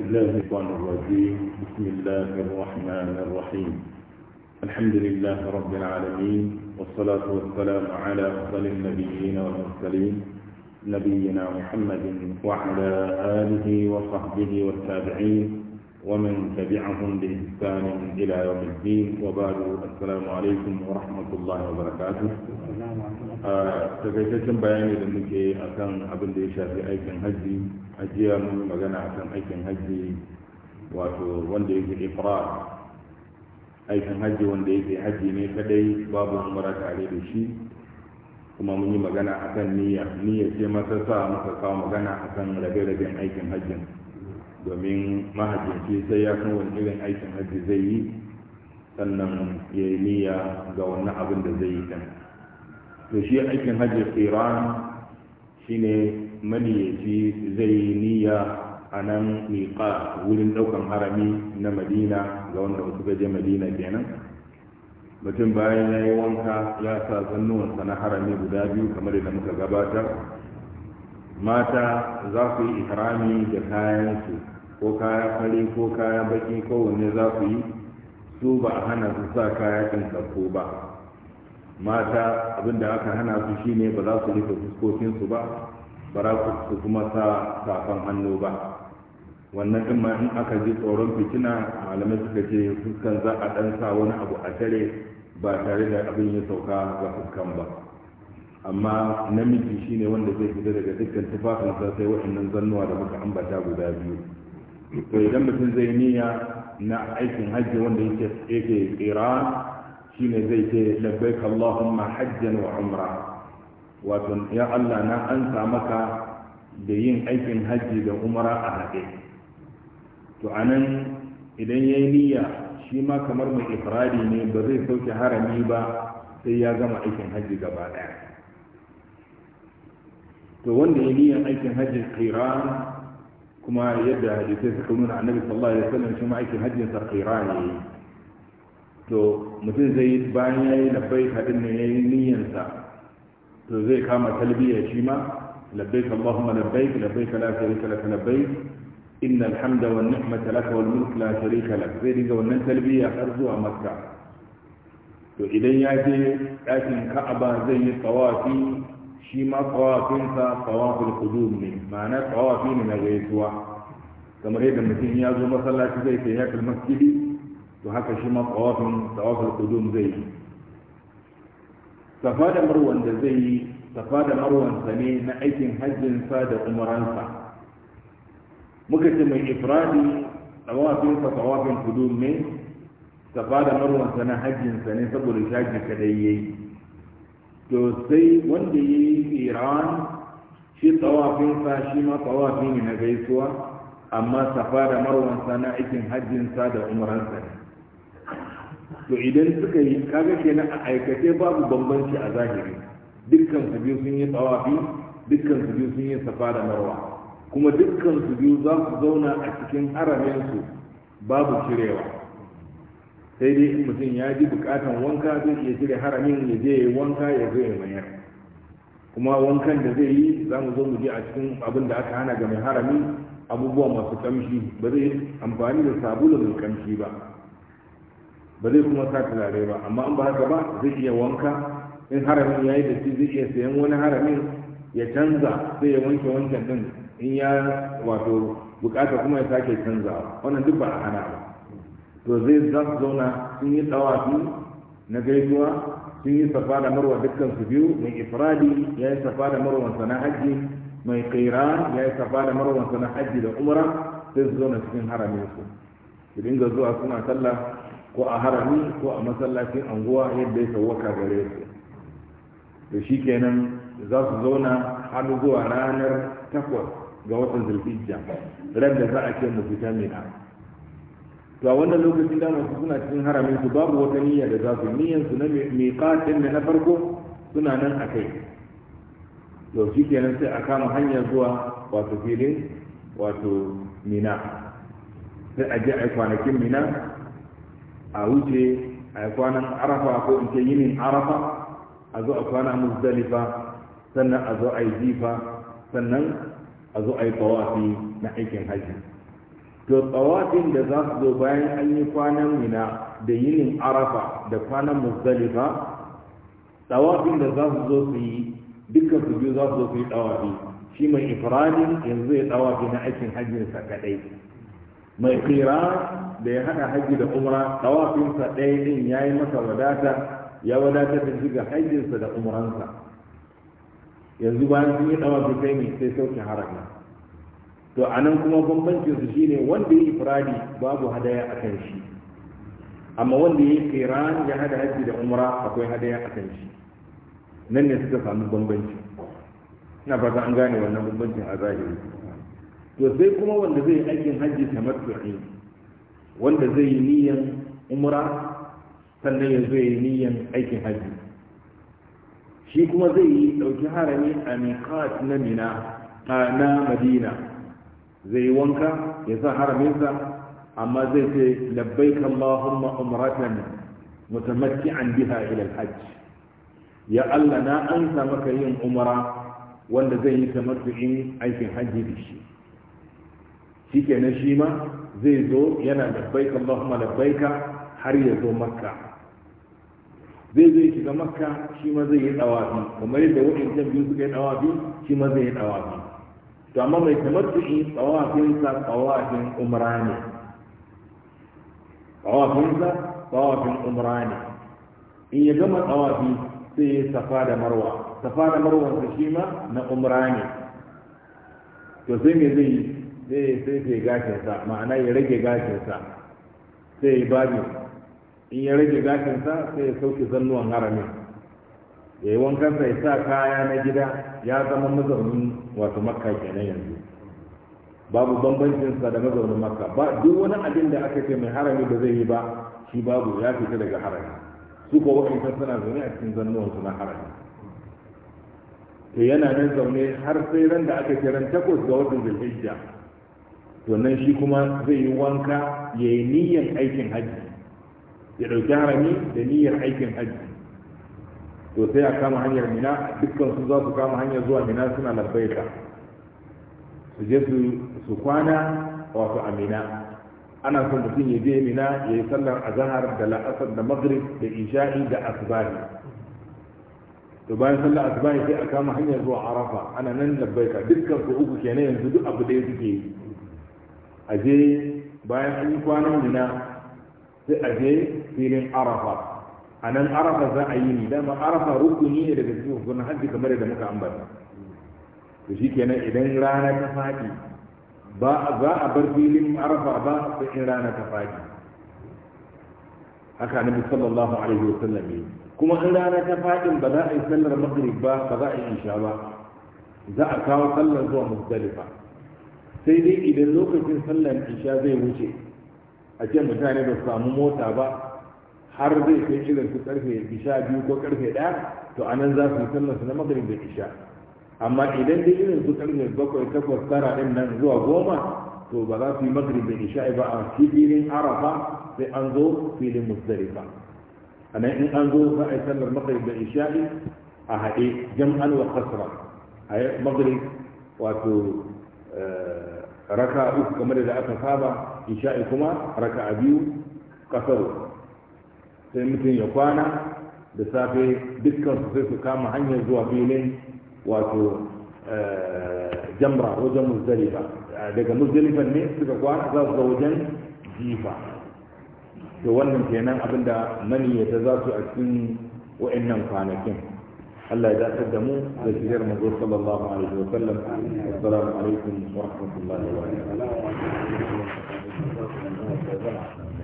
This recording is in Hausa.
الله الرحمن الرحيم بسم الله الرحمن الرحيم الحمد لله رب العالمين والصلاة والسلام على أفضل النبيين والمرسلين نبينا محمد وعلى آله وصحبه والتابعين ومن تبعهم بإحسان إلى يوم الدين وبعد السلام عليكم ورحمة الله وبركاته تكيسة bayani da muke akan abin da ya shafi aikin hajji ajiya mun magana akan aikin hajji wato wanda yake ifrar aikin hajji wanda yake hajji ne kaɗai babu umara tare da shi kuma mun yi magana akan niyya niyya ce masa sa muka kawo magana akan rage-ragen aikin hajjin domin mahajinci sai ya san wani irin aikin hajji zai yi sannan ya yi niyya ga wannan abin da zai yi kan to shi aikin hajji shi ne maniyaci zai yi niyya a nan miƙa wurin ɗaukan harami na madina ga wanda wasu gaje madina kenan mutum bayan ya yi wanka ya sa zannuwansa na harami guda biyu kamar da muka gabatar mata za su yi ihrami da kayan su ko kaya fari ko kaya baki kowanne za ku yi su ba a hana su sa kaya kankafo ba mata abinda aka hana su shine ba za su rufe fuskokinsu ba ba za su kuma sa safan hannu ba wannan din ma in aka ji tsoron fitina malamai suka ce fuskan za a dan sa wani abu a tare ba tare da abin ya sauka ga fuskan ba amma namiji shine wanda zai fita daga dukkan tufafinsa sai waɗannan zannuwa da muka ambata guda biyu to idan mutum zai niyya na aikin hajji wanda yake yake iran shine zai ce labbaik allahumma hajjan wa umra wato ya allah na ansa maka da yin aikin hajji da umra a haɗe to anan idan ya yi niyya shi ma kamar mai ifradi ne ba zai sauke harami ba sai ya gama aikin hajji gaba ɗaya to wanda ya niyyar aikin hajji iran kuma yadda hadisai suka nuna annabi sallallahu alaihi wasallam shi ma aikin hajjin sa qira to mutum zai bayan yayi labbaik hadin ne yayi niyyar sa to zai kama talbiya shi ma labbaik allahumma labbaik labbaik la sharika lak labbaik innal hamda wan ni'mata lak wal mulk la sharika lak zai dinga wannan talbiya har zuwa makka to idan ya je ɗakin ka'aba zai yi tsawafi shi ma tsawafinsa tsawafin kudum ne ma'ana tsawafi ne na gaisuwa kamar yadda mutum ya zo masallaci zai kai yakal masjidi to haka shi ma tsawafin tsawafin kudum zai yi safa da marwan da zai yi safa da marwansa ne na aikin hajjinsa da umaransa muka ce mai ifradi tsawafinsa tsawafin kudum ne safa da marwansa na hajjinsa ne saboda shaji kadai yayi to sai wanda ya yi iran shi tsawafinsa shi ma tsawafi ne na gaisuwa amma safa da marwansa na aikin hajjinsa da umaransa ne to idan suka yi kaga kenan a aikace babu bambanci a zahiri dukkan su biyu sun yi tsawafi dukkan su biyu sun yi safa da marwa kuma dukkan su biyu za su zauna a cikin haramin su babu cirewa sai dai in mutum ya ji bukatan wanka zai iya cire haramin ya je wanka ya zo ya mayar kuma wankan da zai yi za mu zo mu je a cikin abin da aka hana ga mai harami abubuwa masu kamshi ba zai amfani da sabulu mai kamshi ba ba zai kuma sa turare ba amma in ba haka ba zai iya wanka in haramin ya yi da shi zai iya sayan wani haramin ya canza sai ya wanke wancan din in ya wato bukata kuma ya sake canza wannan duk ba a hana ba to zai za su zauna sun yi tsawafi na gaisuwa sun yi safa da marwa dukkan su biyu mai ifradi ya yi safa da marwa na hajji mai kaira ya yi safa da marwa na hajji da umra sai su zauna cikin haramin su su dinga zuwa suna sallah ko a harami ko a masallacin anguwa yadda ya sauwaka gare su to shi kenan za su zauna har zuwa ranar takwas ga watan zulhijja ran da za a ce mu fita mina to a wannan lokacin da su suna cikin haramin su babu wata niyya da za su niyyan su na miqatin da na farko suna nan a kai to shi kenan sai a kama hanyar zuwa wato filin wato mina sai a je a kwanakin mina a wuce a kwanan arafa ko in ce yinin arafa a zo a kwana muzdalifa sannan a zo a yi jifa sannan a zo a yi tawafi na aikin hajji to tsawafin da za su zo bayan an yi kwanan mina da yinin arafa da kwanan muzdalifa tsawafin da za su zo su yi dukkan su biyu za su zo su yi tsawafi shi mai ifradin yanzu ya tsawafi na aikin hajjinsa kadai mai kira da ya haɗa hajji da umra tsawafinsa ɗaya ɗin ya yi masa wadata ya wadatar da shiga hajjinsa da umransa yanzu bayan sun yi tsawafi kai mai sai sauke haramin to a nan kuma bambancin su shine wanda ya yi ifradi babu hadaya a kan shi amma wanda ya yi qiran ya hada hajji da umra akwai hadaya a kan shi nan ne suka samu bambanci ina fata an gane wannan bambancin a zahiri to sai kuma wanda zai yi aikin ta tamattu'i wanda zai yi niyan umra sannan ya zai yi niyan aikin hajji. shi kuma zai yi dauki harami a miqat na mina na madina zai yi wanka ya sa haraminsa amma zai ce labbaik Allahumma umratan an biha ila hajji. hajj ya Allah na ansa maka yin umara wanda zai yi tamattu'in aikin hajji da shi na shi ma zai zo yana labbaik Allahumma labbaika har ya zo makka zai zai shiga makka shi ma zai yi dawafi kamar yadda wadancan biyu suka yi dawafi shi ma zai yi dawafi to amma mai tamattu'i tsawafinsa tsawafin umra ne tsawafinsa tsawafin umra ne in ya gama tsawafi sai ya safa da marwa safa da marwa ta shi ma na umra ne to sai me zai zai sai sai gashinsa ma'ana ya rage gashinsa sai ya babi in ya rage gashinsa sai ya sauke zannuwan haramin ya yi wankansa ya sa kaya na gida ya zama mazaunin wato makka kenan yanzu babu bambancin da mazaunin makka ba duk wani abin da aka ce mai harami ba zai yi ba shi babu ya fita daga harami su ko kan suna zaune a cikin zannuwan suna harami to yana nan zaune har sai ran da aka ce ran takwas ga watan zulhijja to nan shi kuma zai yi wanka ya yi niyyar aikin hajji ya ɗauki harami da niyyar aikin hajji to sai a kama hanyar mina dukkan su za su kama hanyar zuwa mina suna labbaika su je su kwana wato a mina ana son mutum ya je mina ya yi sallar azahar da la'asar da maghrib da isha'i da asbahi to bayan sallar asbahi sai a kama hanyar zuwa arafa ana nan labbaika dukkan su uku kenan yanzu duk abu ɗaya suke yi a je bayan an yi kwanan mina sai a je filin arafa a nan arafa za a yi ni dama arafa rukuni ne daga cikin hukunan hajji kamar yadda muka ambata to shi kenan idan rana ta faɗi ba a bar filin arafa ba sai in rana ta faɗi haka nabi sallallahu alaihi wasallam yi kuma in rana ta faɗin ba za a yi sallar maghrib ba ba za a yi isha ba za a kawo sallar zuwa muzdalifa sai dai idan lokacin sallar isha zai wuce a ce mutane ba su samu mota ba har zai kai irin su karfe isha biyu ko karfe ɗaya to a nan za su yi sallarsu na magrib da isha amma idan dai irin su karfe bakwai takwas tara ɗin nan zuwa goma to ba za su yi magrib da isha ba a filin arafa sai an zo filin musdalifa a nan in an zo za a yi sallar magrib da isha a haɗe jam'an wa kasra a yi magrib wato eh, raka uku kamar da aka saba isha'i kuma raka biyu kasar sai mutum ya kwana da safe dukkan su sai su kama hanyar zuwa filin wato eh, jamra wajen muzdalifa daga muzdalifan ne suka kwana za su ga wajen jifa to wannan kenan abinda ta za su a cikin wa'annan kwanakin Allah ya dace da mu da